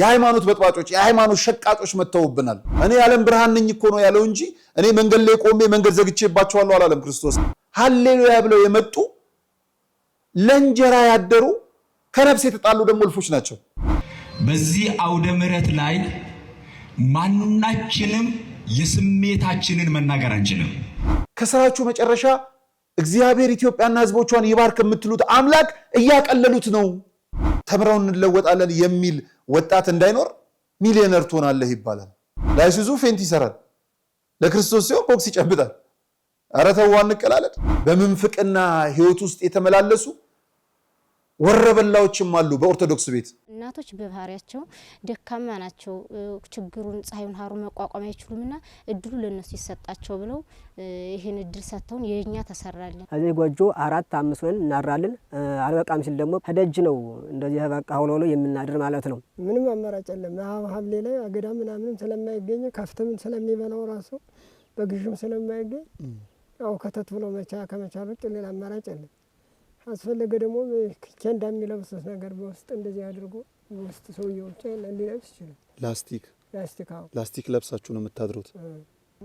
የሃይማኖት በጥባጮች የሃይማኖት ሸቃጦች መጥተውብናል። እኔ የዓለም ብርሃን ነኝ እኮ ነው ያለው እንጂ እኔ መንገድ ላይ ቆሜ መንገድ ዘግቼባቸዋለሁ አላለም ክርስቶስ። ሀሌሉያ ብለው የመጡ ለእንጀራ ያደሩ ከነፍስ የተጣሉ ደግሞ እልፎች ናቸው። በዚህ አውደ ምሕረት ላይ ማናችንም የስሜታችንን መናገር አንችልም። ከስራችሁ መጨረሻ እግዚአብሔር ኢትዮጵያና ሕዝቦቿን ይባርክ የምትሉት አምላክ እያቀለሉት ነው። ተምረው እንለወጣለን የሚል ወጣት እንዳይኖር ሚሊዮነር ትሆናለህ ይባላል። ላይሱዙ ፌንት ይሰራል፣ ለክርስቶስ ሲሆን ቦክስ ይጨብጣል። ኧረ ተው በምንፍቅና ህይወት ውስጥ የተመላለሱ ወረበላዎችም አሉ በኦርቶዶክስ ቤት እናቶች በባህሪያቸው ደካማ ናቸው፣ ችግሩን ፀሐዩን ሀሩ መቋቋም አይችሉም ና እድሉ ለእነሱ ይሰጣቸው ብለው ይህን እድል ሰጥተውን የእኛ ተሰራለን። እዚህ ጎጆ አራት አምስት ወን እናራለን አልበቃም ሲል ደግሞ ከደጅ ነው እንደዚህ ተበቃ ሆኖ የምናድር ማለት ነው። ምንም አማራጭ የለም። ሐምሌ ላይ አገዳ ምናምንም ስለማይገኝ ከፍትምን ስለሚበላው ራሱ በግሹም ስለማይገኝ ያው ከተት ብሎ መቻ ከመቻል ውጭ ሌላ አማራጭ የለም። አስፈለገ ደግሞ ኬንዳ የሚለብሱት ነገር በውስጥ እንደዚህ አድርጎ በውስጥ ሰውየው ሊለብስ ይችላል። ላስቲክ ላስቲክ ላስቲክ ለብሳችሁ ነው የምታድሩት።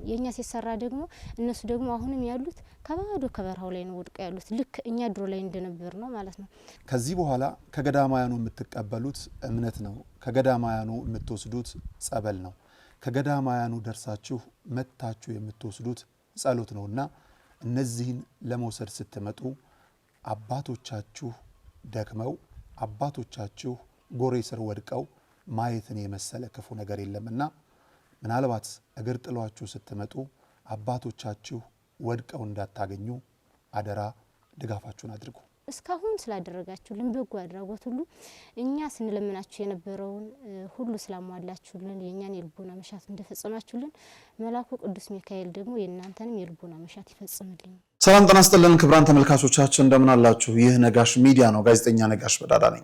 የእኛ ሲሰራ ደግሞ እነሱ ደግሞ አሁንም ያሉት ከባዶ ከበረሃው ላይ ነው ወድቀው ያሉት። ልክ እኛ ድሮ ላይ እንደነበር ነው ማለት ነው። ከዚህ በኋላ ከገዳማያኑ የምትቀበሉት እምነት ነው። ከገዳማያኑ የምትወስዱት ጸበል ነው። ከገዳማያኑ ደርሳችሁ መታችሁ የምትወስዱት ጸሎት ነው እና እነዚህን ለመውሰድ ስትመጡ አባቶቻችሁ ደክመው አባቶቻችሁ ጎሬ ስር ወድቀው ማየትን የመሰለ ክፉ ነገር የለምና ምናልባት እግር ጥሏችሁ ስትመጡ አባቶቻችሁ ወድቀው እንዳታገኙ አደራ ድጋፋችሁን አድርጉ። እስካሁን ስላደረጋችሁልን በጎ አድራጎት ሁሉ እኛ ስንለምናችሁ የነበረውን ሁሉ ስላሟላችሁልን የእኛን የልቦና መሻት እንደፈጸማችሁልን መላኩ ቅዱስ ሚካኤል ደግሞ የእናንተንም የልቦና መሻት ይፈጽምልኝ። ሰላም ጤና ይስጥልን ክቡራን ተመልካቾቻችን እንደምን አላችሁ? ይህ ነጋሽ ሚዲያ ነው። ጋዜጠኛ ነጋሽ በዳዳ ነኝ።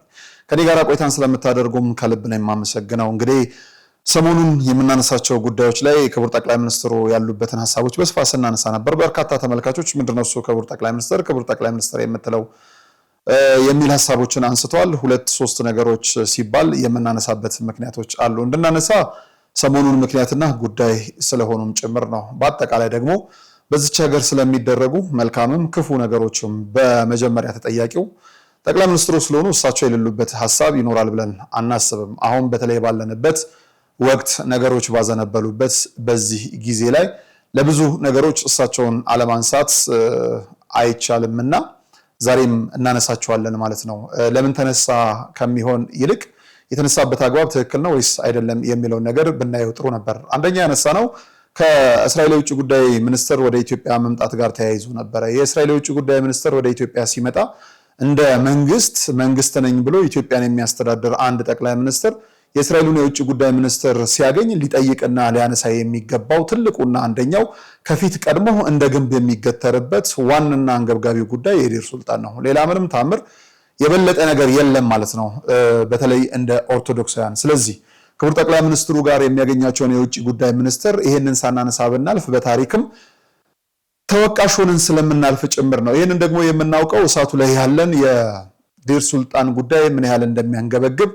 ከኔ ጋር ቆይታን ስለምታደርጉም ከልብ ነው የማመሰግነው። እንግዲህ ሰሞኑን የምናነሳቸው ጉዳዮች ላይ ክቡር ጠቅላይ ሚኒስትሩ ያሉበትን ሀሳቦች በስፋት ስናነሳ ነበር። በርካታ ተመልካቾች ምንድነው እሱ ክቡር ጠቅላይ ሚኒስትር ክቡር ጠቅላይ ሚኒስትር የምትለው የሚል ሀሳቦችን አንስተዋል። ሁለት ሶስት ነገሮች ሲባል የምናነሳበት ምክንያቶች አሉ። እንድናነሳ ሰሞኑን ምክንያትና ጉዳይ ስለሆኑም ጭምር ነው። በአጠቃላይ ደግሞ በዚች ሀገር ስለሚደረጉ መልካምም ክፉ ነገሮችም በመጀመሪያ ተጠያቂው ጠቅላይ ሚኒስትሩ ስለሆኑ እሳቸው የሌሉበት ሀሳብ ይኖራል ብለን አናስብም። አሁን በተለይ ባለንበት ወቅት ነገሮች ባዘነበሉበት በዚህ ጊዜ ላይ ለብዙ ነገሮች እሳቸውን አለማንሳት አይቻልም እና ዛሬም እናነሳቸዋለን ማለት ነው። ለምን ተነሳ ከሚሆን ይልቅ የተነሳበት አግባብ ትክክል ነው ወይስ አይደለም የሚለውን ነገር ብናየው ጥሩ ነበር። አንደኛ ያነሳ ነው ከእስራኤል የውጭ ጉዳይ ሚኒስትር ወደ ኢትዮጵያ መምጣት ጋር ተያይዞ ነበረ። የእስራኤል የውጭ ጉዳይ ሚኒስትር ወደ ኢትዮጵያ ሲመጣ እንደ መንግስት መንግስት ነኝ ብሎ ኢትዮጵያን የሚያስተዳድር አንድ ጠቅላይ ሚኒስትር የእስራኤሉን የውጭ ጉዳይ ሚኒስትር ሲያገኝ ሊጠይቅና ሊያነሳ የሚገባው ትልቁና አንደኛው ከፊት ቀድሞ እንደ ግንብ የሚገተርበት ዋንና አንገብጋቢ ጉዳይ የዴር ሱልጣን ነው። ሌላ ምንም ታምር የበለጠ ነገር የለም ማለት ነው፣ በተለይ እንደ ኦርቶዶክሳውያን። ስለዚህ ክቡር ጠቅላይ ሚኒስትሩ ጋር የሚያገኛቸውን የውጭ ጉዳይ ሚኒስትር ይህንን ሳናነሳ ብናልፍ በታሪክም ተወቃሽ ሆነን ስለምናልፍ ጭምር ነው። ይህንን ደግሞ የምናውቀው እሳቱ ላይ ያለን የዲር ሱልጣን ጉዳይ ምን ያህል እንደሚያንገበግብ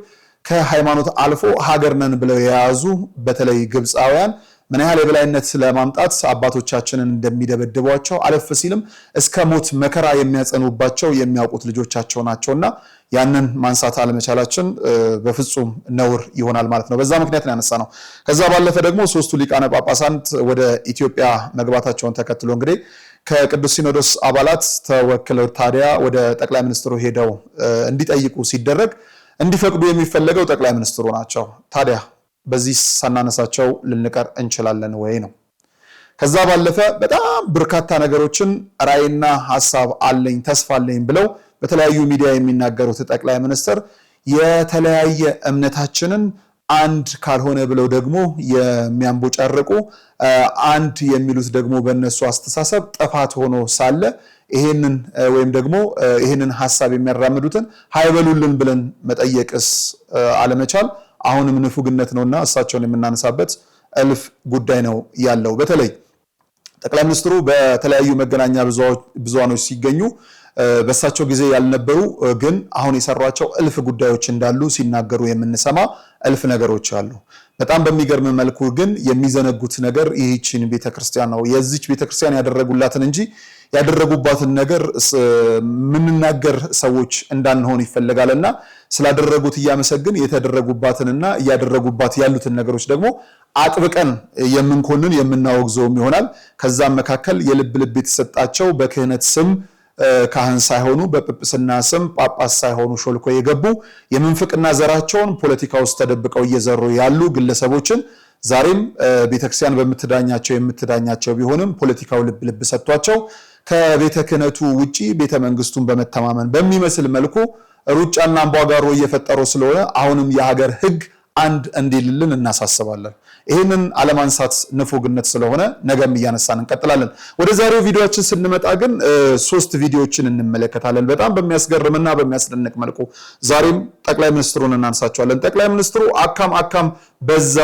ከሃይማኖት አልፎ ሀገር ነን ብለው የያዙ በተለይ ግብፃውያን ምን ያህል የበላይነት ለማምጣት አባቶቻችንን እንደሚደበድቧቸው አለፍ ሲልም እስከ ሞት መከራ የሚያጸኑባቸው የሚያውቁት ልጆቻቸው ናቸውና ያንን ማንሳት አለመቻላችን በፍጹም ነውር ይሆናል ማለት ነው። በዛ ምክንያት ነው ያነሳ ነው። ከዛ ባለፈ ደግሞ ሶስቱ ሊቃነ ጳጳሳት ወደ ኢትዮጵያ መግባታቸውን ተከትሎ እንግዲህ ከቅዱስ ሲኖዶስ አባላት ተወክለው ታዲያ ወደ ጠቅላይ ሚኒስትሩ ሄደው እንዲጠይቁ ሲደረግ እንዲፈቅዱ የሚፈለገው ጠቅላይ ሚኒስትሩ ናቸው። ታዲያ በዚህ ሳናነሳቸው ልንቀር እንችላለን ወይ ነው። ከዛ ባለፈ በጣም በርካታ ነገሮችን ራዕይና ሀሳብ አለኝ ተስፋ አለኝ ብለው በተለያዩ ሚዲያ የሚናገሩት ጠቅላይ ሚኒስትር የተለያየ እምነታችንን አንድ ካልሆነ ብለው ደግሞ የሚያንቦጫርቁ አንድ የሚሉት ደግሞ በእነሱ አስተሳሰብ ጥፋት ሆኖ ሳለ ይሄንን ወይም ደግሞ ይሄንን ሀሳብ የሚያራምዱትን ሀይበሉልን ብለን መጠየቅስ አለመቻል አሁንም ንፉግነት ነውና እሳቸውን የምናነሳበት እልፍ ጉዳይ ነው ያለው። በተለይ ጠቅላይ ሚኒስትሩ በተለያዩ መገናኛ ብዙሃኖች ሲገኙ በሳቸው ጊዜ ያልነበሩ ግን አሁን የሰሯቸው እልፍ ጉዳዮች እንዳሉ ሲናገሩ የምንሰማ እልፍ ነገሮች አሉ። በጣም በሚገርም መልኩ ግን የሚዘነጉት ነገር ይህችን ቤተክርስቲያን ነው። የዚች ቤተክርስቲያን ያደረጉላትን እንጂ ያደረጉባትን ነገር ምንናገር ሰዎች እንዳንሆን ይፈለጋል እና ስላደረጉት እያመሰግን የተደረጉባትንና እያደረጉባት ያሉትን ነገሮች ደግሞ አጥብቀን የምንኮንን የምናወግዘውም ይሆናል። ከዛም መካከል የልብ ልብ የተሰጣቸው በክህነት ስም ካህን ሳይሆኑ በጵጵስና ስም ጳጳስ ሳይሆኑ ሾልኮ የገቡ የምንፍቅና ዘራቸውን ፖለቲካ ውስጥ ተደብቀው እየዘሩ ያሉ ግለሰቦችን ዛሬም ቤተክርስቲያን በምትዳኛቸው የምትዳኛቸው ቢሆንም ፖለቲካው ልብ ልብ ሰጥቷቸው ከቤተ ክህነቱ ውጪ ቤተ መንግስቱን በመተማመን በሚመስል መልኩ ሩጫና አንቧጋሮ እየፈጠሩ ስለሆነ አሁንም የሀገር ህግ አንድ እንዲልልን እናሳስባለን። ይህንን አለማንሳት ንፉግነት ስለሆነ ነገም እያነሳን እንቀጥላለን። ወደ ዛሬው ቪዲዮችን ስንመጣ ግን ሶስት ቪዲዮችን እንመለከታለን። በጣም በሚያስገርምና በሚያስደንቅ መልኩ ዛሬም ጠቅላይ ሚኒስትሩን እናንሳቸዋለን። ጠቅላይ ሚኒስትሩ አካም አካም በዛ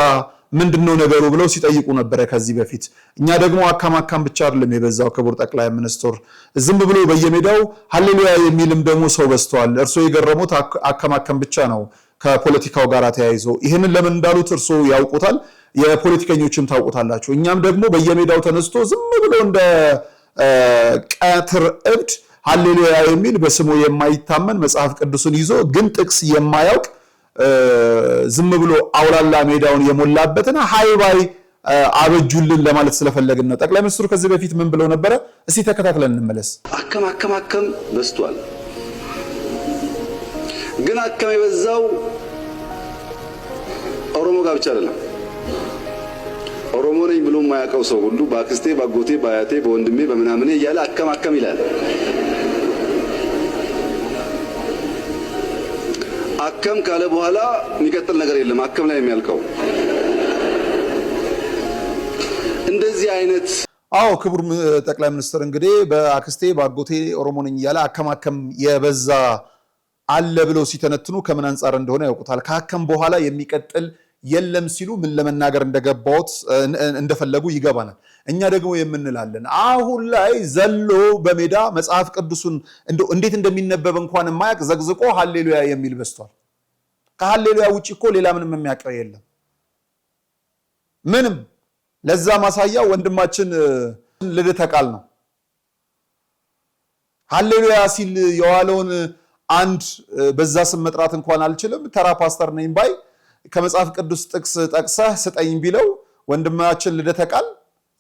ምንድን ነው ነገሩ ብለው ሲጠይቁ ነበረ ከዚህ በፊት። እኛ ደግሞ አካም አካም ብቻ አይደለም የበዛው ክቡር ጠቅላይ ሚኒስትር፣ ዝም ብሎ በየሜዳው ሀሌሉያ የሚልም ደግሞ ሰው በዝተዋል። እርስዎ የገረሙት አካም አካም ብቻ ነው ከፖለቲካው ጋር ተያይዞ ይህንን ለምን እንዳሉት እርስዎ ያውቁታል፣ የፖለቲከኞችም ታውቁታላችሁ። እኛም ደግሞ በየሜዳው ተነስቶ ዝም ብሎ እንደ ቀትር እብድ ሀሌሉያ የሚል በስሙ የማይታመን መጽሐፍ ቅዱስን ይዞ ግን ጥቅስ የማያውቅ ዝም ብሎ አውላላ ሜዳውን የሞላበትን ሀይ ባይ አበጁልን ለማለት ስለፈለግን ነው። ጠቅላይ ሚኒስትሩ ከዚህ በፊት ምን ብለው ነበረ? እስቲ ተከታትለን እንመለስ። አከም አከም አከም በዝቷል ግን አከም የበዛው ኦሮሞ ጋር ብቻ አይደለም። ኦሮሞ ነኝ ብሎ የማያውቀው ሰው ሁሉ በአክስቴ፣ በአጎቴ፣ በአያቴ፣ በወንድሜ፣ በምናምኔ እያለ አከም አከም ይላል። አከም ካለ በኋላ የሚቀጥል ነገር የለም። አከም ላይ የሚያልቀው እንደዚህ አይነት አዎ ክቡር ጠቅላይ ሚኒስትር እንግዲህ በአክስቴ በአጎቴ ኦሮሞ ነኝ እያለ አከማከም የበዛ አለ ብለው ሲተነትኑ ከምን አንጻር እንደሆነ ያውቁታል። ከሀከም በኋላ የሚቀጥል የለም ሲሉ ምን ለመናገር እንደገባዎት እንደፈለጉ ይገባናል። እኛ ደግሞ የምንላለን አሁን ላይ ዘሎ በሜዳ መጽሐፍ ቅዱሱን እንዴት እንደሚነበብ እንኳን የማያቅ ዘግዝቆ ሀሌሉያ የሚል በዝቷል። ከሀሌሉያ ውጭ እኮ ሌላ ምንም የሚያቀር የለም ምንም። ለዛ ማሳያ ወንድማችን ልደተ ቃል ነው ሀሌሉያ ሲል የዋለውን አንድ በዛ ስም መጥራት እንኳን አልችልም ተራ ፓስተር ነኝ ባይ ከመጽሐፍ ቅዱስ ጥቅስ ጠቅሰህ ስጠኝ ቢለው ወንድማችን ልደተ ቃል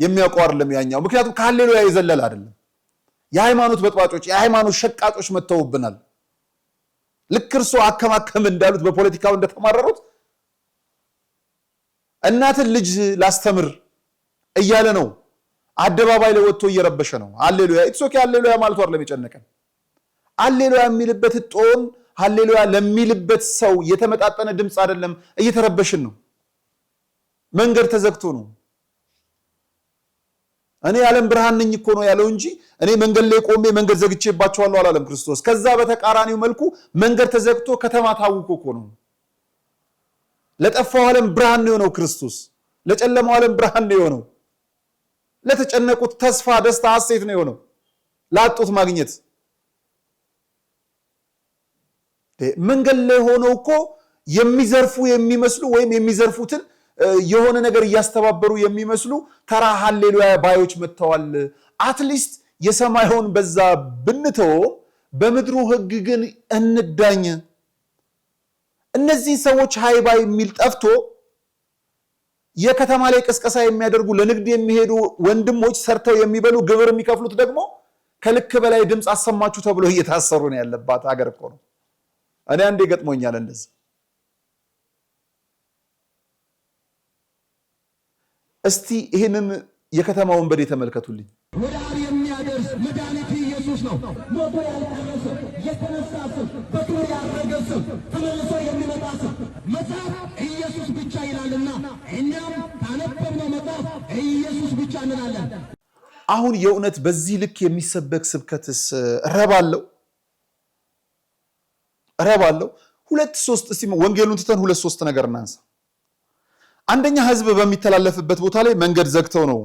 የሚያውቀው አይደለም ያኛው። ምክንያቱም ከሀሌሉያ የዘለል አይደለም። የሃይማኖት በጥባጮች፣ የሃይማኖት ሸቃጦች መጥተውብናል። ልክ እርሶ አከማከም እንዳሉት በፖለቲካው እንደተማረሩት እናትን ልጅ ላስተምር እያለ ነው አደባባይ ላይ ወጥቶ እየረበሸ ነው። ሀሌሉያ ኢትሶኪ ኦኬ። ሀሌሉያ ማለቱ አይደለም የጨነቀን አሌሉያ የሚልበት ጦን ሀሌሉያ ለሚልበት ሰው የተመጣጠነ ድምፅ አይደለም። እየተረበሽን ነው። መንገድ ተዘግቶ ነው። እኔ የዓለም ብርሃን ነኝ እኮ ነው ያለው እንጂ እኔ መንገድ ላይ ቆሜ መንገድ ዘግቼባቸዋለሁ አላለም ክርስቶስ። ከዛ በተቃራኒው መልኩ መንገድ ተዘግቶ ከተማ ታውቆ እኮ ነው። ለጠፋው ዓለም ብርሃን ነው የሆነው ክርስቶስ። ለጨለማው ዓለም ብርሃን ነው የሆነው። ለተጨነቁት ተስፋ፣ ደስታ፣ ሀሴት ነው የሆነው። ላጡት ማግኘት መንገድ ላይ ሆነው እኮ የሚዘርፉ የሚመስሉ ወይም የሚዘርፉትን የሆነ ነገር እያስተባበሩ የሚመስሉ ተራ ሀሌሉያ ባዮች መጥተዋል። አትሊስት የሰማዩን በዛ ብንተው በምድሩ ሕግ ግን እንዳኝ። እነዚህን ሰዎች ሃይባይ የሚል ጠፍቶ የከተማ ላይ ቅስቀሳ የሚያደርጉ ለንግድ የሚሄዱ ወንድሞች ሰርተው የሚበሉ ግብር የሚከፍሉት ደግሞ ከልክ በላይ ድምፅ አሰማችሁ ተብሎ እየታሰሩ ነው ያለባት አገር እኮ ነው። እኔ አንዴ ገጥሞኛል እንደዚህ። እስቲ ይህንን የከተማውን በዴ ተመልከቱልኝ። ወደ አብ የሚያደርስ መድኃኒት ኢየሱስ ነው። ሞቶ የተነሳ ስም፣ በክብር ያረገ ስም፣ ተመልሶ የሚመጣ ስም መጽሐፍ ኢየሱስ ብቻ ይላልና እኛም ካነበብነው መጽሐፍ ኢየሱስ ብቻ እንላለን። አሁን የእውነት በዚህ ልክ የሚሰበክ ስብከትስ ረብ አለው? ረብ ሁለት ሶስት እስቲ ወንጌሉን ትተን ሁለት ሶስት ነገር እናንሳ። አንደኛ ህዝብ በሚተላለፍበት ቦታ ላይ መንገድ ዘግተው ነው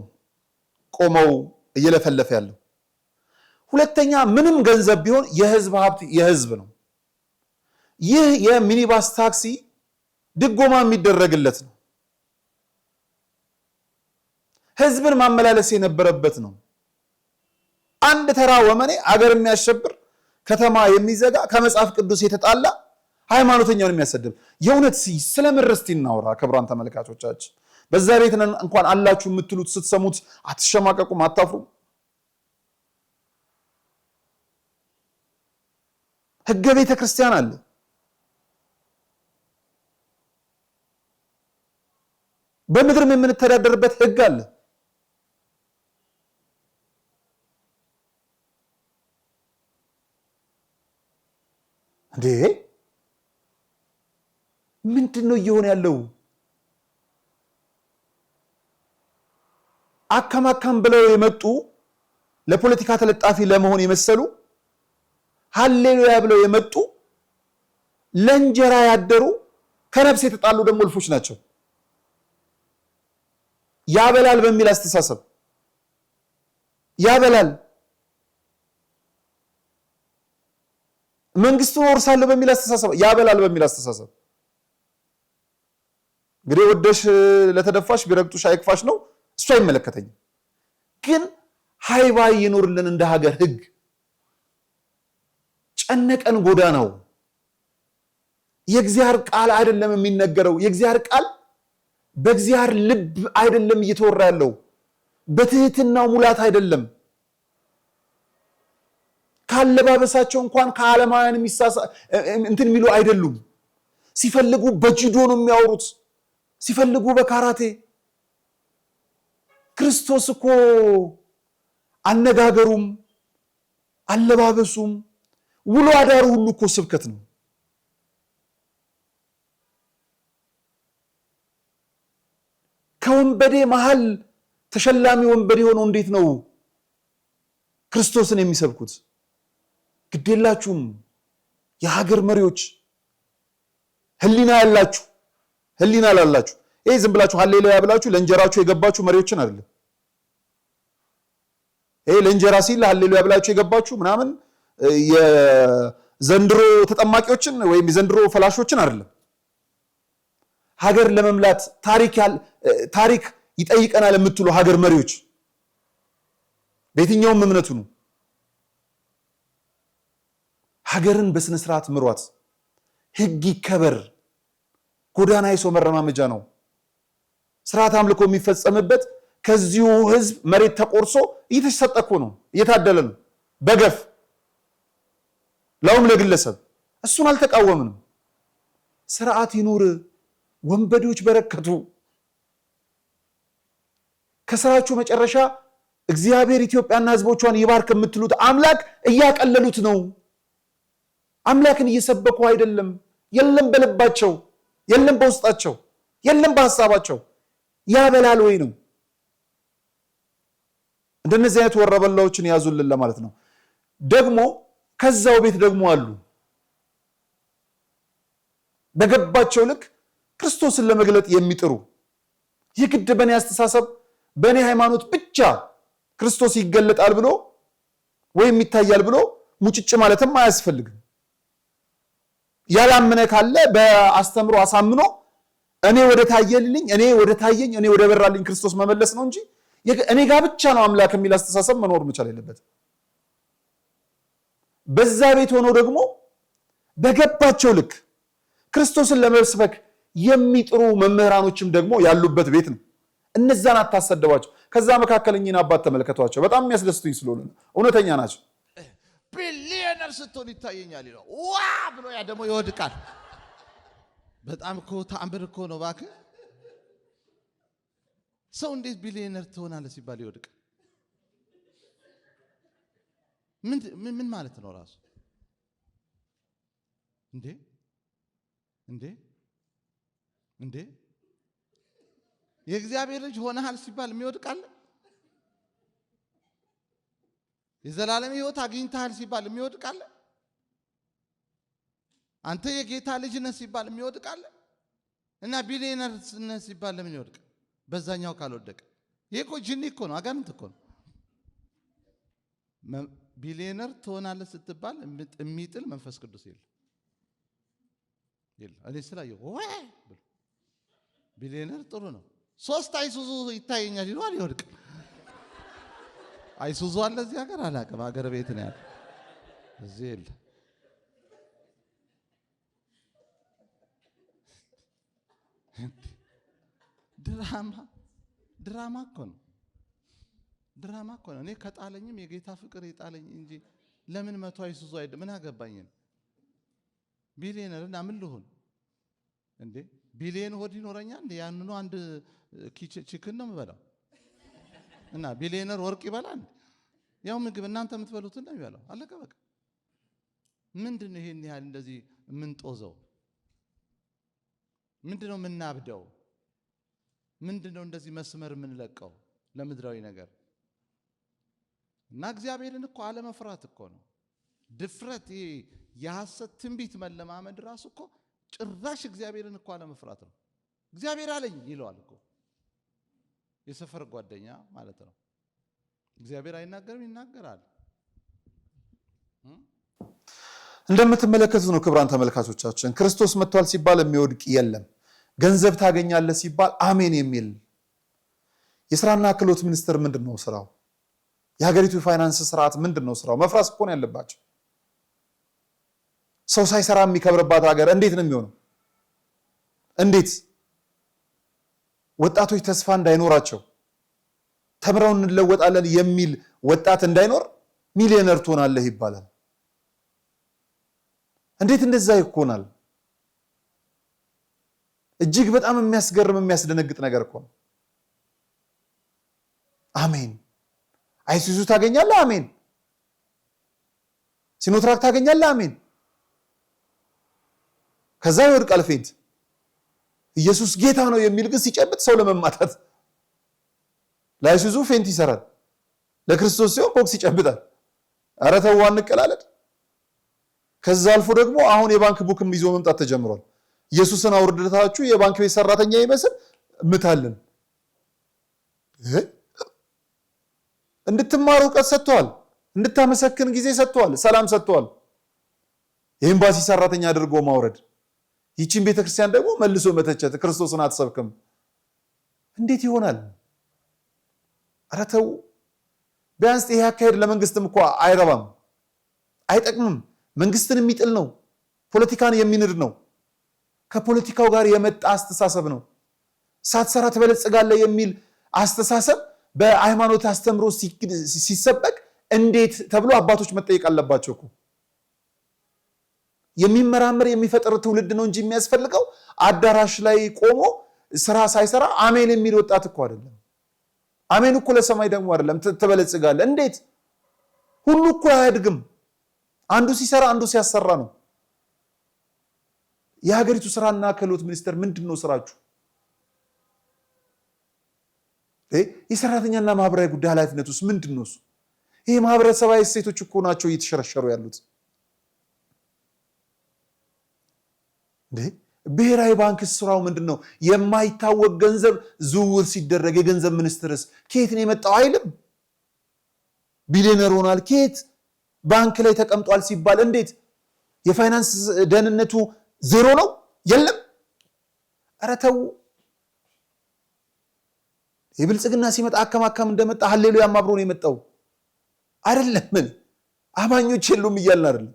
ቆመው እየለፈለፈ ያለው። ሁለተኛ ምንም ገንዘብ ቢሆን የህዝብ ሀብት የህዝብ ነው። ይህ የሚኒባስ ታክሲ ድጎማ የሚደረግለት ነው። ህዝብን ማመላለስ የነበረበት ነው። አንድ ተራ ወመኔ አገር የሚያሸብር ከተማ የሚዘጋ ከመጽሐፍ ቅዱስ የተጣላ ሃይማኖተኛውን የሚያሰድብ የእውነት ስለምድር እስቲ እናውራ። ተመልካቾቻችን በዛ ቤት እንኳን አላችሁ የምትሉት ስትሰሙት አትሸማቀቁም? አታፍሩም? ህገ ቤተ ክርስቲያን አለ። በምድርም የምንተዳደርበት ህግ አለ። እንዴ ምንድን ነው እየሆነ ያለው? አካም አካም ብለው የመጡ ለፖለቲካ ተለጣፊ ለመሆን የመሰሉ ሀሌሉያ ብለው የመጡ ለእንጀራ ያደሩ ከነፍስ የተጣሉ ደግሞ እልፎች ናቸው። ያበላል በሚል አስተሳሰብ ያበላል መንግስቱን ወርሳለሁ በሚል አስተሳሰብ ያበላል በሚል አስተሳሰብ እንግዲህ ወደሽ ለተደፋሽ ቢረግጡሽ አይክፋሽ ነው። እሱ አይመለከተኝም። ግን ሀይባ ይኖርልን እንደ ሀገር ህግ ጨነቀን ጎዳናው። የእግዚአብሔር ቃል አይደለም የሚነገረው። የእግዚአብሔር ቃል በእግዚአብሔር ልብ አይደለም እየተወራ ያለው። በትህትናው ሙላት አይደለም ካለባበሳቸው እንኳን ከዓለማውያን እንትን የሚሉ አይደሉም። ሲፈልጉ በጅዶ ነው የሚያወሩት፣ ሲፈልጉ በካራቴ። ክርስቶስ እኮ አነጋገሩም አለባበሱም ውሎ አዳሩ ሁሉ እኮ ስብከት ነው። ከወንበዴ መሃል ተሸላሚ ወንበዴ ሆኖ እንዴት ነው ክርስቶስን የሚሰብኩት? ግዴላችሁም የሀገር መሪዎች ህሊና ያላችሁ ህሊና ላላችሁ ይህ ዝም ብላችሁ ሀሌሉያ ብላችሁ ለእንጀራችሁ የገባችሁ መሪዎችን አይደለም። ይሄ ለእንጀራ ሲል ሀሌሉያ ብላችሁ የገባችሁ ምናምን የዘንድሮ ተጠማቂዎችን ወይም የዘንድሮ ፈላሾችን አይደለም። ሀገር ለመምላት ታሪክ ይጠይቀናል የምትሉ ሀገር መሪዎች በየትኛውም እምነቱ ነው ሀገርን በስነ ስርዓት ምሯት። ህግ ይከበር። ጎዳና የሰው መረማመጃ ነው። ስርዓት አምልኮ የሚፈጸምበት ከዚሁ ህዝብ መሬት ተቆርሶ እየተሰጠ እኮ ነው፣ እየታደለ ነው በገፍ ላውም ለግለሰብ። እሱን አልተቃወምንም። ስርዓት ይኑር። ወንበዴዎች በረከቱ። ከስራችሁ መጨረሻ እግዚአብሔር ኢትዮጵያና ህዝቦቿን ይባርክ የምትሉት አምላክ እያቀለሉት ነው። አምላክን እየሰበኩ አይደለም። የለም በልባቸው፣ የለም በውስጣቸው፣ የለም በሀሳባቸው። ያበላል ወይ ነው። እንደነዚህ አይነት ወረበላዎችን ያዙልን ለማለት ነው። ደግሞ ከዛው ቤት ደግሞ አሉ በገባቸው ልክ ክርስቶስን ለመግለጥ የሚጥሩ የግድ በእኔ አስተሳሰብ በእኔ ሃይማኖት ብቻ ክርስቶስ ይገለጣል ብሎ ወይም ይታያል ብሎ ሙጭጭ ማለትም አያስፈልግም። ያላመነ ካለ በአስተምሮ አሳምኖ እኔ ወደ ታየልኝ እኔ ወደ ታየኝ እኔ ወደ በራልኝ ክርስቶስ መመለስ ነው እንጂ እኔ ጋር ብቻ ነው አምላክ የሚል አስተሳሰብ መኖር መቻል የለበትም። በዛ ቤት ሆኖ ደግሞ በገባቸው ልክ ክርስቶስን ለመስበክ የሚጥሩ መምህራኖችም ደግሞ ያሉበት ቤት ነው። እነዛን አታሰደቧቸው። ከዛ መካከል እኚህን አባት ተመልከቷቸው። በጣም የሚያስደስቱኝ ስለሆነ እውነተኛ ናቸው። ነገር ስትሆን ይታየኛል ይለው ዋ ብሎ ያ ደግሞ ይወድቃል። በጣም እኮ ተአምር እኮ ነው እባክህ። ሰው እንዴት ቢሊዮነር ትሆናለህ ሲባል ይወድቃል። ምን ማለት ነው ራሱ? እንዴ እንዴ እንዴ የእግዚአብሔር ልጅ ሆነሃል ሲባል የሚወድቃለን የዘላለም ህይወት አግኝተሃል ሲባል የሚወድቃለ? አንተ የጌታ ልጅ ነህ ሲባል የሚወድቃለ? እና ቢሊነር ሲባል ለምን ይወድቅ? በዛኛው ካልወደቀ ይህ እኮ ጅኒ እኮ ነው፣ አጋንንት እኮ ነው። ቢሊየነር ትሆናለህ ስትባል የሚጥል መንፈስ ቅዱስ የለ የለ። እኔ ስላየሁ ቢሊየነር ጥሩ ነው ሶስት አይሱዙ ይታየኛል ይለዋል፣ ይወድቃል። አይሱዙ አለ እዚህ ሀገር አላውቅም። ሀገር ቤት ነው ያለ እዚህ የለ። ድራማ ድራማ እኮ ነው። ድራማ እኮ ነው። እኔ ከጣለኝም የጌታ ፍቅር የጣለኝ እንጂ ለምን መቶ አይሱዙ አይደ ምን አገባኝን? ቢሊየነር እና ምን ልሁን እንዴ? ቢሊየን ሆድ ይኖረኛል። ያንኑ አንድ ቺክን ነው የምበላው እና ቢሊዮነር ወርቅ ይበላል። ያው ምግብ እናንተ የምትበሉትን ነው የሚበላው። አለቀ በቃ። ምንድን ነው ይሄን ያህል እንደዚህ የምንጦዘው? ምንድን ነው የምናብደው? ምንድን ነው እንደዚህ መስመር የምንለቀው ለምድራዊ ነገር? እና እግዚአብሔርን እኮ አለመፍራት እኮ ነው ድፍረት። ይሄ የሐሰት ትንቢት መለማመድ ራሱ እኮ ጭራሽ እግዚአብሔርን እኮ አለመፍራት ነው። እግዚአብሔር አለኝ ይለዋል እኮ የሰፈር ጓደኛ ማለት ነው። እግዚአብሔር አይናገርም? ይናገራል። እንደምትመለከቱት ነው ክብራን ተመልካቾቻችን፣ ክርስቶስ መጥቷል ሲባል የሚወድቅ የለም። ገንዘብ ታገኛለህ ሲባል አሜን የሚል የስራና ክህሎት ሚኒስቴር ምንድን ነው ስራው? የሀገሪቱ የፋይናንስ ስርዓት ምንድን ነው ስራው? መፍራስ እኮ ነው ያለባቸው። ሰው ሳይሰራ የሚከብርባት ሀገር እንዴት ነው የሚሆነው? እንዴት ወጣቶች ተስፋ እንዳይኖራቸው ተምረው እንለወጣለን የሚል ወጣት እንዳይኖር ሚሊዮነር ትሆናለህ ይባላል። እንዴት እንደዛ ይሆናል? እጅግ በጣም የሚያስገርም የሚያስደነግጥ ነገር እኮ ነው። አሜን። አይሱዙ ታገኛለህ፣ አሜን። ሲኖትራክ ታገኛለህ፣ አሜን። ከዛ ይወድቃል ፌንት ኢየሱስ ጌታ ነው የሚል ግን ሲጨብጥ ሰው ለመማታት ላይሱዙ ፌንት ይሰራል። ለክርስቶስ ሲሆን ቦክስ ይጨብጣል። ኧረ ተው አንቀላለድ። ከዛ አልፎ ደግሞ አሁን የባንክ ቡክም ይዞ መምጣት ተጀምሯል። ኢየሱስን አውርደታችሁ የባንክ ቤት ሰራተኛ ይመስል ምታልን። እንድትማር እውቀት ሰጥተዋል። እንድታመሰክን ጊዜ ሰጥተዋል። ሰላም ሰጥተዋል። የኤምባሲ ሰራተኛ አድርጎ ማውረድ ይቺን ቤተክርስቲያን ደግሞ መልሶ መተቸት፣ ክርስቶስን አትሰብክም እንዴት ይሆናል? ኧረ ተው። ቢያንስ ይሄ አካሄድ ለመንግስትም እኮ አይረባም፣ አይጠቅምም። መንግስትን የሚጥል ነው፣ ፖለቲካን የሚንድ ነው፣ ከፖለቲካው ጋር የመጣ አስተሳሰብ ነው። ሳትሰራ ትበለጽጋለህ የሚል አስተሳሰብ በሃይማኖት አስተምሮ ሲሰበክ እንዴት ተብሎ አባቶች መጠየቅ አለባቸው እኮ የሚመራመር የሚፈጠር ትውልድ ነው እንጂ የሚያስፈልገው አዳራሽ ላይ ቆሞ ስራ ሳይሰራ አሜን የሚል ወጣት እኮ አይደለም። አሜን እኮ ለሰማይ ደግሞ አይደለም። ትበለጽጋለ። እንዴት ሁሉ እኮ አያድግም። አንዱ ሲሰራ አንዱ ሲያሰራ ነው። የሀገሪቱ ስራና ክህሎት ሚኒስቴር ምንድን ነው ስራችሁ? የሰራተኛና ማህበራዊ ጉዳይ ኃላፊነት ውስጥ ምንድን ነው እሱ? ይሄ ማህበረሰባዊ እሴቶች እኮ ናቸው እየተሸረሸሩ ያሉት። ብሔራዊ ባንክ ስራው ምንድን ነው? የማይታወቅ ገንዘብ ዝውውር ሲደረግ የገንዘብ ሚኒስትርስ ኬት ነው የመጣው አይልም። ቢሊዮነር ሆኗል ኬት ባንክ ላይ ተቀምጧል ሲባል እንዴት የፋይናንስ ደህንነቱ ዜሮ ነው? የለም። ኧረ ተው። የብልጽግና ሲመጣ አከም አከም እንደመጣ ሀሌሉያም አብሮ ነው የመጣው አይደለም። አማኞች የሉም እያልን አይደለም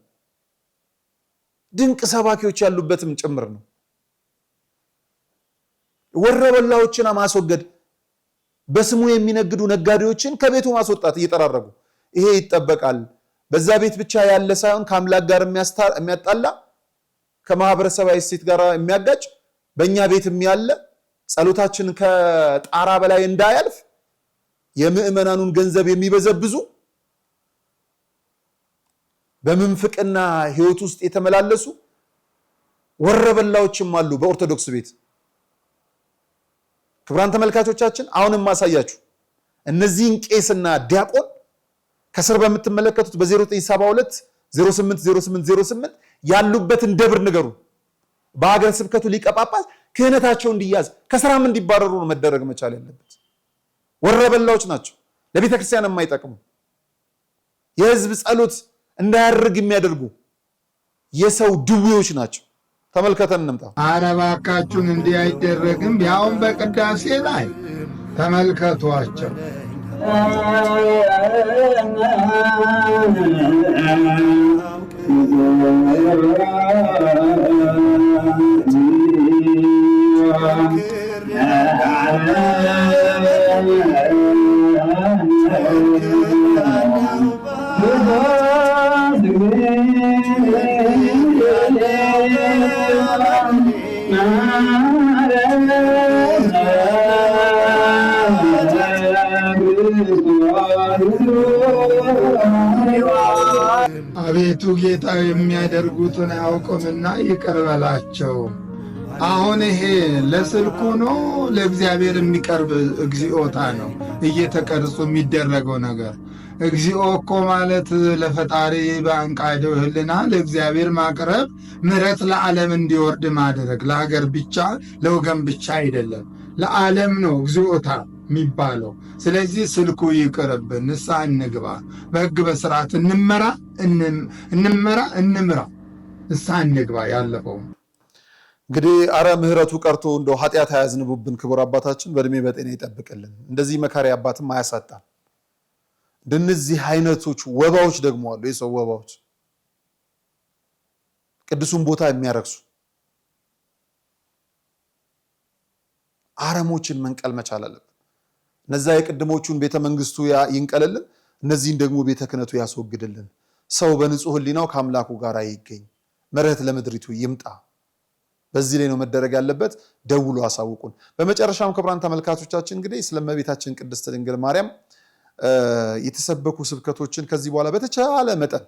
ድንቅ ሰባኪዎች ያሉበትም ጭምር ነው። ወረበላዎችን ማስወገድ፣ በስሙ የሚነግዱ ነጋዴዎችን ከቤቱ ማስወጣት እየጠራረጉ ይሄ ይጠበቃል። በዛ ቤት ብቻ ያለ ሳይሆን ከአምላክ ጋር የሚያጣላ ከማህበረሰባዊ እሴት ጋር የሚያጋጭ በእኛ ቤትም ያለ ጸሎታችን ከጣራ በላይ እንዳያልፍ የምዕመናኑን ገንዘብ የሚበዘብዙ በምንፍቅና ህይወት ውስጥ የተመላለሱ ወረበላዎችም አሉ በኦርቶዶክስ ቤት። ክቡራን ተመልካቾቻችን አሁንም ማሳያችሁ እነዚህን ቄስና ዲያቆን ከስር በምትመለከቱት በ0972 080808 ያሉበትን ደብር ንገሩ። በሀገረ ስብከቱ ሊቀ ጳጳስ ክህነታቸው እንዲያዝ ከስራም እንዲባረሩ ነው መደረግ መቻል ያለበት። ወረበላዎች ናቸው፣ ለቤተክርስቲያን የማይጠቅሙ የህዝብ ጸሎት እንዳያርግ የሚያደርጉ የሰው ድዌዎች ናቸው። ተመልከተን እንምጣ። አረ እባካችሁን እንዲህ አይደረግም። ያውን በቅዳሴ ላይ ተመልከቷቸው። ከንቱ ጌታ የሚያደርጉትን አያውቁምና ይቅር በላቸው። አሁን ይሄ ለስልኩ ነው፣ ለእግዚአብሔር የሚቀርብ እግዚኦታ ነው እየተቀርጹ የሚደረገው ነገር። እግዚኦ እኮ ማለት ለፈጣሪ በአንቃደው ህልና ለእግዚአብሔር ማቅረብ ምረት ለዓለም እንዲወርድ ማድረግ ለሀገር ብቻ ለወገን ብቻ አይደለም፣ ለዓለም ነው እግዚኦታ የሚባለው። ስለዚህ ስልኩ ይቅርብን፣ ንስሐ እንግባ፣ በህግ በስርዓት እንመራ እንመራ እንምራ፣ ንስሐ እንግባ። ያለፈው እንግዲህ አረ ምህረቱ ቀርቶ እንደው ኃጢአት አያዝንቡብን። ክቡር አባታችን በእድሜ በጤና ይጠብቅልን። እንደዚህ መካሪ አባትም አያሳጣም። እንደነዚህ አይነቶች ወባዎች ደግሞ አሉ፣ የሰው ወባዎች ቅዱሱን ቦታ የሚያረክሱ አረሞችን መንቀል መቻል አለብን። እነዛ የቅድሞቹን ቤተ መንግስቱ ይንቀልልን፣ እነዚህን ደግሞ ቤተ ክህነቱ ያስወግድልን። ሰው በንጹህ ሕሊናው ከአምላኩ ጋር ይገኝ፣ ምሕረት ለምድሪቱ ይምጣ። በዚህ ላይ ነው መደረግ ያለበት። ደውሎ አሳውቁን። በመጨረሻም ክቡራን ተመልካቾቻችን እንግዲህ ስለ እመቤታችን ቅድስት ድንግል ማርያም የተሰበኩ ስብከቶችን ከዚህ በኋላ በተቻለ መጠን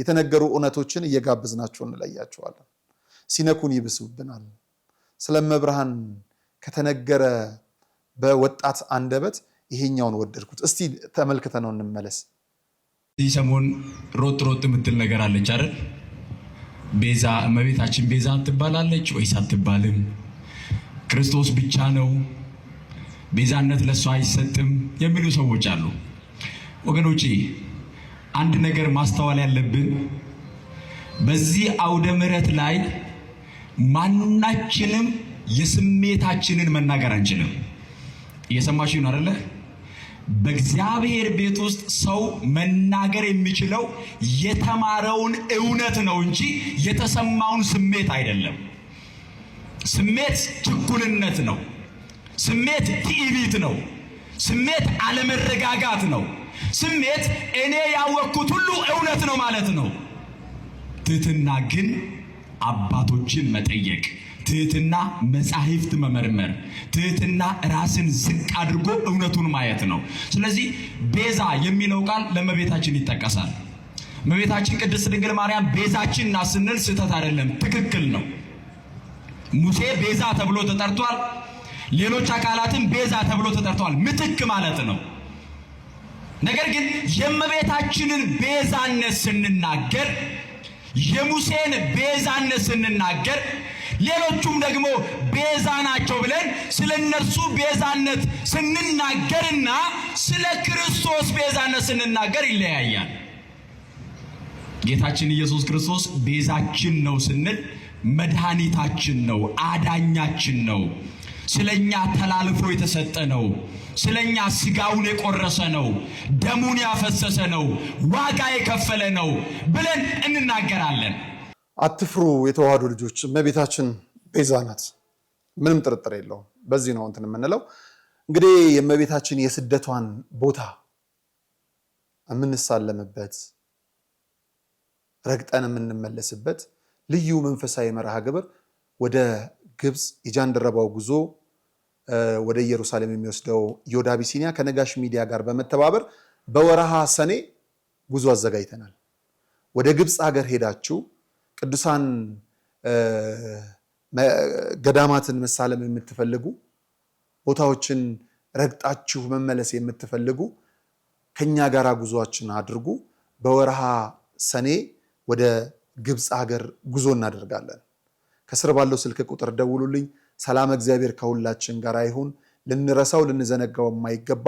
የተነገሩ እውነቶችን እየጋበዝናቸው እንለያቸዋለን። ሲነኩን ይብስብናል። ስለ እመብርሃን ከተነገረ በወጣት አንደበት ይሄኛውን ወደድኩት። እስቲ ተመልክተ ነው እንመለስ። ይህ ሰሞን ሮጥ ሮጥ የምትል ነገር አለች አይደል? ቤዛ እመቤታችን ቤዛ ትባላለች ወይስ አትባልም? ክርስቶስ ብቻ ነው ቤዛነት ለእሷ አይሰጥም የሚሉ ሰዎች አሉ። ወገኖች አንድ ነገር ማስተዋል ያለብን በዚህ አውደ ምሕረት ላይ ማናችንም የስሜታችንን መናገር አንችልም። እየሰማችሁ ነው አይደለ? በእግዚአብሔር ቤት ውስጥ ሰው መናገር የሚችለው የተማረውን እውነት ነው እንጂ የተሰማውን ስሜት አይደለም። ስሜት ችኩልነት ነው። ስሜት ትዕቢት ነው። ስሜት አለመረጋጋት ነው። ስሜት እኔ ያወቅኩት ሁሉ እውነት ነው ማለት ነው። ትህትና ግን አባቶችን መጠየቅ ትህትና መጻሕፍት መመርመር፣ ትህትና ራስን ዝቅ አድርጎ እውነቱን ማየት ነው። ስለዚህ ቤዛ የሚለው ቃል ለእመቤታችን ይጠቀሳል። እመቤታችን ቅድስት ድንግል ማርያም ቤዛችን ናት ስንል ስህተት አይደለም፣ ትክክል ነው። ሙሴ ቤዛ ተብሎ ተጠርቷል። ሌሎች አካላትም ቤዛ ተብሎ ተጠርተዋል። ምትክ ማለት ነው። ነገር ግን የእመቤታችንን ቤዛነት ስንናገር የሙሴን ቤዛነት ስንናገር ሌሎቹም ደግሞ ቤዛ ናቸው ብለን ስለ እነርሱ ቤዛነት ስንናገርና ስለ ክርስቶስ ቤዛነት ስንናገር ይለያያል። ጌታችን ኢየሱስ ክርስቶስ ቤዛችን ነው ስንል መድኃኒታችን ነው፣ አዳኛችን ነው። ስለኛ ተላልፎ የተሰጠ ነው። ስለኛ ስጋውን የቆረሰ ነው፣ ደሙን ያፈሰሰ ነው፣ ዋጋ የከፈለ ነው ብለን እንናገራለን። አትፍሩ የተዋህዶ ልጆች፣ እመቤታችን ቤዛ ናት። ምንም ጥርጥር የለውም። በዚህ ነው እንትን የምንለው እንግዲህ የእመቤታችን የስደቷን ቦታ የምንሳለምበት ረግጠን የምንመለስበት ልዩ መንፈሳዊ መርሃ ግብር ወደ ግብፅ የጃንደረባው ጉዞ ወደ ኢየሩሳሌም የሚወስደው ዮድ ቢሲኒያ ከነጋሽ ሚዲያ ጋር በመተባበር በወረሃ ሰኔ ጉዞ አዘጋጅተናል። ወደ ግብፅ ሀገር ሄዳችሁ ቅዱሳን ገዳማትን መሳለም የምትፈልጉ ቦታዎችን ረግጣችሁ መመለስ የምትፈልጉ ከኛ ጋር ጉዞችን አድርጉ። በወርሃ ሰኔ ወደ ግብፅ ሀገር ጉዞ እናደርጋለን። ከስር ባለው ስልክ ቁጥር ደውሉልኝ። ሰላም እግዚአብሔር ከሁላችን ጋር ይሁን። ልንረሳው ልንዘነጋው የማይገባ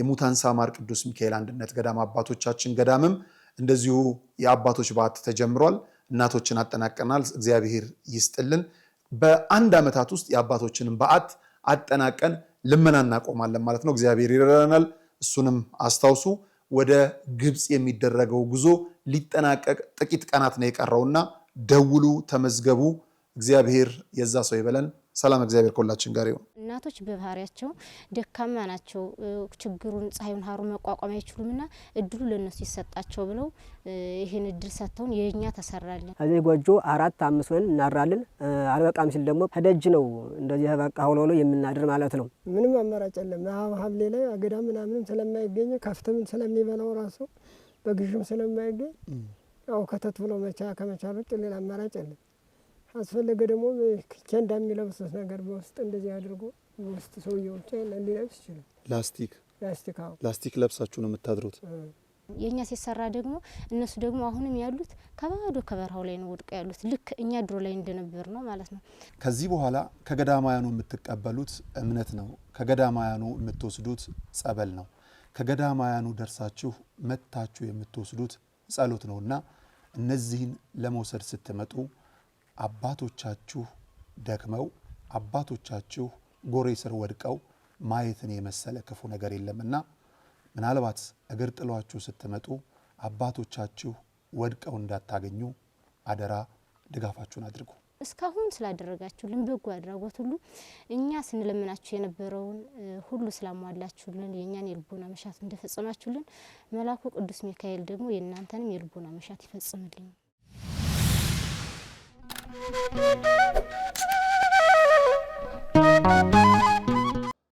የሙታን ሳማር ቅዱስ ሚካኤል አንድነት ገዳም አባቶቻችን ገዳምም እንደዚሁ የአባቶች በዓት ተጀምሯል። እናቶችን አጠናቀናል። እግዚአብሔር ይስጥልን። በአንድ ዓመታት ውስጥ የአባቶችንም በዓት አጠናቀን ልመና እናቆማለን ማለት ነው። እግዚአብሔር ይረዳናል። እሱንም አስታውሱ። ወደ ግብፅ የሚደረገው ጉዞ ሊጠናቀቅ ጥቂት ቀናት ነው የቀረውና ደውሉ፣ ተመዝገቡ። እግዚአብሔር የዛ ሰው ይበለን። ሰላም እግዚአብሔር ከሁላችን ጋር ይሁን። እናቶች በባህሪያቸው ደካማ ናቸው። ችግሩን ፀሐዩን ሀሩ መቋቋም ና እድሉ ለእነሱ ይሰጣቸው ብለው ይህን እድል ሰጥተውን የእኛ ተሰራለን። እዚህ ጎጆ አራት አምስት ሆነን እናድራለን። አልበቃም ሲል ደግሞ ከደጅ ነው እንደዚህ በቃ ሆኖ የምናድር ማለት ነው። ምንም አማራጭ የለም። ሀብሌ ላይ አገዳ ምናምንም ስለማይገኝ ከፍትምን ስለሚበላው ራሱ በግዥም ስለማይገኝ ያው ከተት ብሎ መቻ ከመቻል ውጭ ሌላ አማራጭ የለም። አስፈለገ ደግሞ ኬንዳ የሚለብሱት ነገር በውስጥ እንደዚህ አድርጎ ውስጥ ሰውየዎች ሊለብስ ይችላል። ላስቲክ ላስቲክ ላስቲክ ለብሳችሁ ነው የምታድሩት። የእኛ ሲሰራ ደግሞ እነሱ ደግሞ አሁንም ያሉት ከባዶ ከበረሃው ላይ ነው ወድቀው ያሉት። ልክ እኛ ድሮ ላይ እንደነበር ነው ማለት ነው። ከዚህ በኋላ ከገዳማያኑ የምትቀበሉት እምነት ነው። ከገዳማያኑ የምትወስዱት ጸበል ነው። ከገዳማያኑ ደርሳችሁ መታችሁ የምትወስዱት ጸሎት እና እነዚህን ለመውሰድ ስትመጡ አባቶቻችሁ ደክመው አባቶቻችሁ ጎሬ ስር ወድቀው ማየትን የመሰለ ክፉ ነገር የለምና ምናልባት እግር ጥሏችሁ ስትመጡ አባቶቻችሁ ወድቀው እንዳታገኙ አደራ ድጋፋችሁን አድርጉ። እስካሁን ስላደረጋችሁልን በጎ አድራጎት ሁሉ እኛ ስንለምናችሁ የነበረውን ሁሉ ስላሟላችሁልን የእኛን የልቦና መሻት እንደፈጸማችሁልን መልኩ ቅዱስ ሚካኤል ደግሞ የእናንተንም የልቦና መሻት ይፈጽምልን። Thank you.